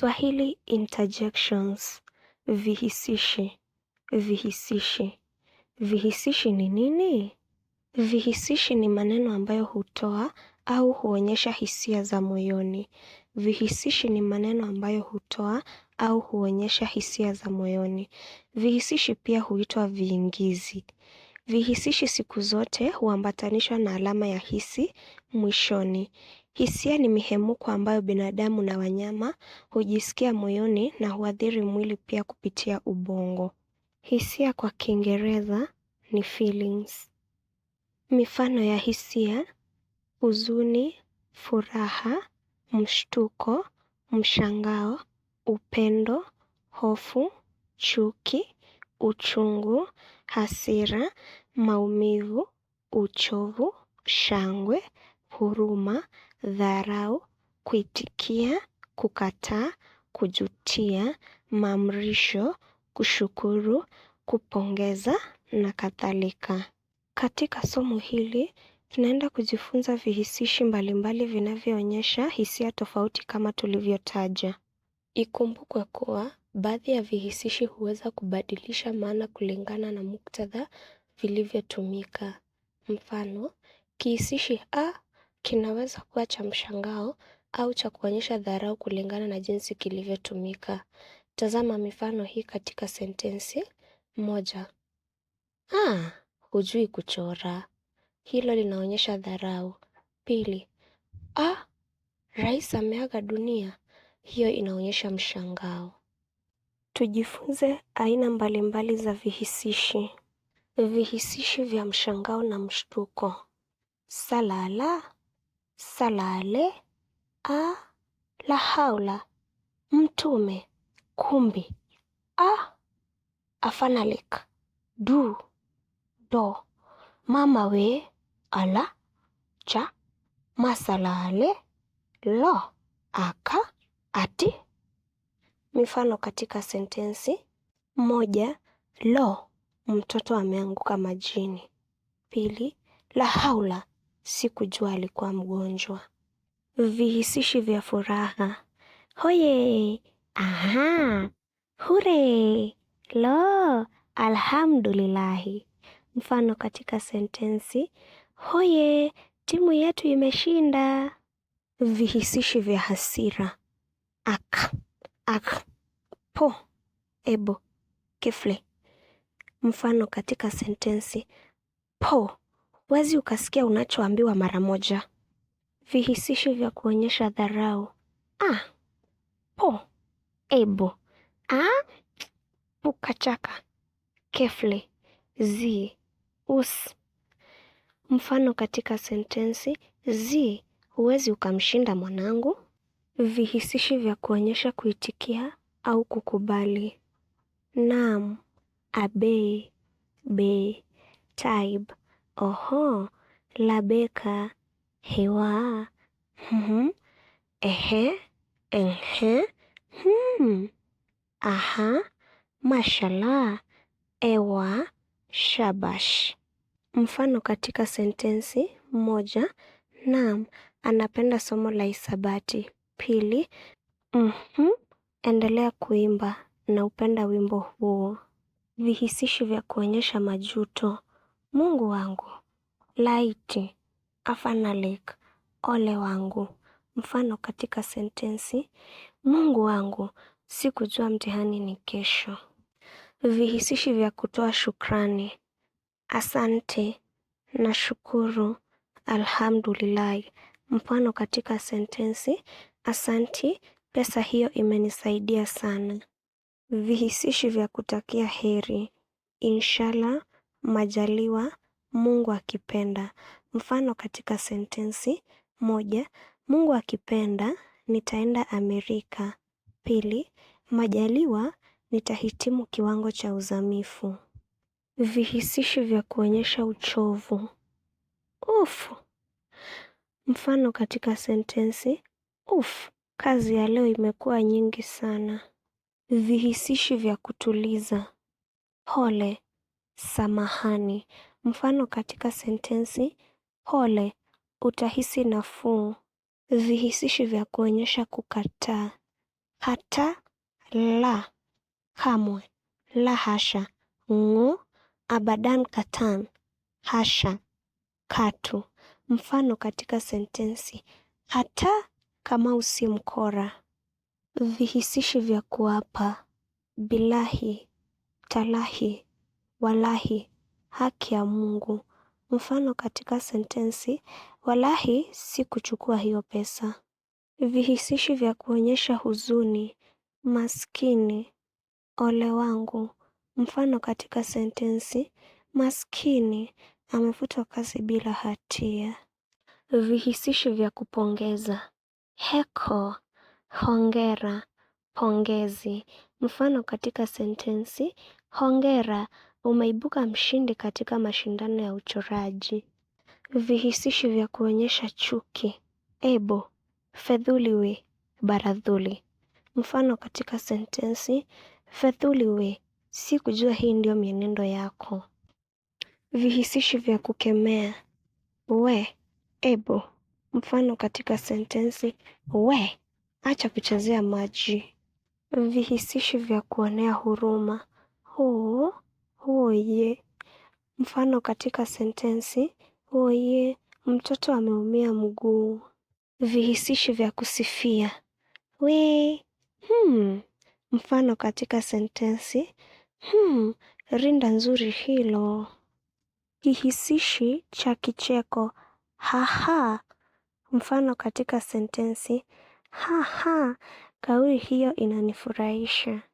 Kiswahili interjections vihisishi vihisishi. Vihisishi ni nini? Vihisishi ni maneno ambayo hutoa au huonyesha hisia za moyoni. Vihisishi ni maneno ambayo hutoa au huonyesha hisia za moyoni. Vihisishi pia huitwa viingizi. Vihisishi siku zote huambatanishwa na alama ya hisi mwishoni. Hisia ni mihemuko ambayo binadamu na wanyama hujisikia moyoni na huathiri mwili pia kupitia ubongo. Hisia kwa Kiingereza ni feelings. Mifano ya hisia: huzuni, furaha, mshtuko, mshangao, upendo, hofu, chuki, uchungu, hasira, maumivu, uchovu, shangwe, huruma, dharau, kuitikia, kukataa, kujutia, maamrisho, kushukuru, kupongeza na kadhalika. Katika somo hili, tunaenda kujifunza vihisishi mbalimbali vinavyoonyesha hisia tofauti kama tulivyotaja. Ikumbukwe kuwa, baadhi ya vihisishi huweza kubadilisha maana kulingana na muktadha vilivyotumika. Mfano, kihisishi a Kinaweza kuwa cha mshangao au cha kuonyesha dharau kulingana na jinsi kilivyotumika. Tazama mifano hii katika sentensi moja. Ah, hujui kuchora. Hilo linaonyesha dharau. Pili, ah, rais ameaga dunia. Hiyo inaonyesha mshangao. Tujifunze aina mbalimbali za vihisishi. Vihisishi vya mshangao na mshtuko. Salala. Salale a la haula mtume kumbi a afanalik du do mama we ala cha masalale lo aka ati. Mifano katika sentensi moja, lo, mtoto ameanguka majini. Pili, la haula Sikujua alikuwa mgonjwa. Vihisishi vya furaha. Hoye! Aha! Hure! Lo! alhamdulilahi Mfano katika sentensi. Hoye! Timu yetu imeshinda. Vihisishi vya hasira. Ak, ak, po, ebo, kifle. Mfano katika sentensi. Po, Huwezi ukasikia unachoambiwa mara moja. Vihisishi vya kuonyesha dharau. Ah, po, ebo, ah, pukachaka, kefle, zi, us. Mfano katika sentensi, zi, huwezi ukamshinda mwanangu. Vihisishi vya kuonyesha kuitikia au kukubali. Naam, abei, bei, taib, oho, labeka, hewa, Mm-hmm. ehe, ehe. hmm, aha, mashala ewa, shabash. Mfano katika sentensi moja, naam, anapenda somo la hisabati. Pili, mhm, endelea kuimba na upenda wimbo huo. Vihisishi vya kuonyesha majuto. Mungu wangu, laiti, afana ole wangu. Mfano katika sentensi, Mungu wangu, sikujua mtihani ni kesho. Vihisishi vya kutoa shukrani, asante, nashukuru, alhamdulillahi. Mfano katika sentensi, asanti, pesa hiyo imenisaidia sana. Vihisishi vya kutakia heri, inshallah, majaliwa, Mungu akipenda. Mfano katika sentensi moja, Mungu akipenda nitaenda Amerika. Pili, majaliwa nitahitimu kiwango cha uzamifu. Vihisishi vya kuonyesha uchovu. Ufu. Mfano katika sentensi, ufu, kazi ya leo imekuwa nyingi sana. Vihisishi vya kutuliza. Pole, samahani. Mfano katika sentensi, pole, utahisi nafuu. Vihisishi vya kuonyesha kukataa. Hata, la, kamwe, la hasha, ng'u, abadan katan, hasha, katu. Mfano katika sentensi, hata kama usimkora mkora. Vihisishi vya kuapa, bilahi, talahi walahi haki ya Mungu. Mfano katika sentensi, walahi si kuchukua hiyo pesa. Vihisishi vya kuonyesha huzuni, maskini, ole wangu. Mfano katika sentensi, maskini amefutwa kazi bila hatia. Vihisishi vya kupongeza, heko, hongera, pongezi. Mfano katika sentensi, hongera Umeibuka mshindi katika mashindano ya uchoraji. Vihisishi vya kuonyesha chuki: ebo, fedhuli we, baradhuli. Mfano katika sentensi: fedhuli we, sikujua hii ndio mienendo yako. Vihisishi vya kukemea: we, ebo. Mfano katika sentensi: we, acha kuchezea maji. Vihisishi vya kuonea huruma: huu, huoye. Mfano katika sentensi huoye, mtoto ameumia mguu. Vihisishi vya kusifia we hmm. Mfano katika sentensi hmm, rinda nzuri hilo. Kihisishi cha kicheko haha. Mfano katika sentensi haha, kauli hiyo inanifurahisha.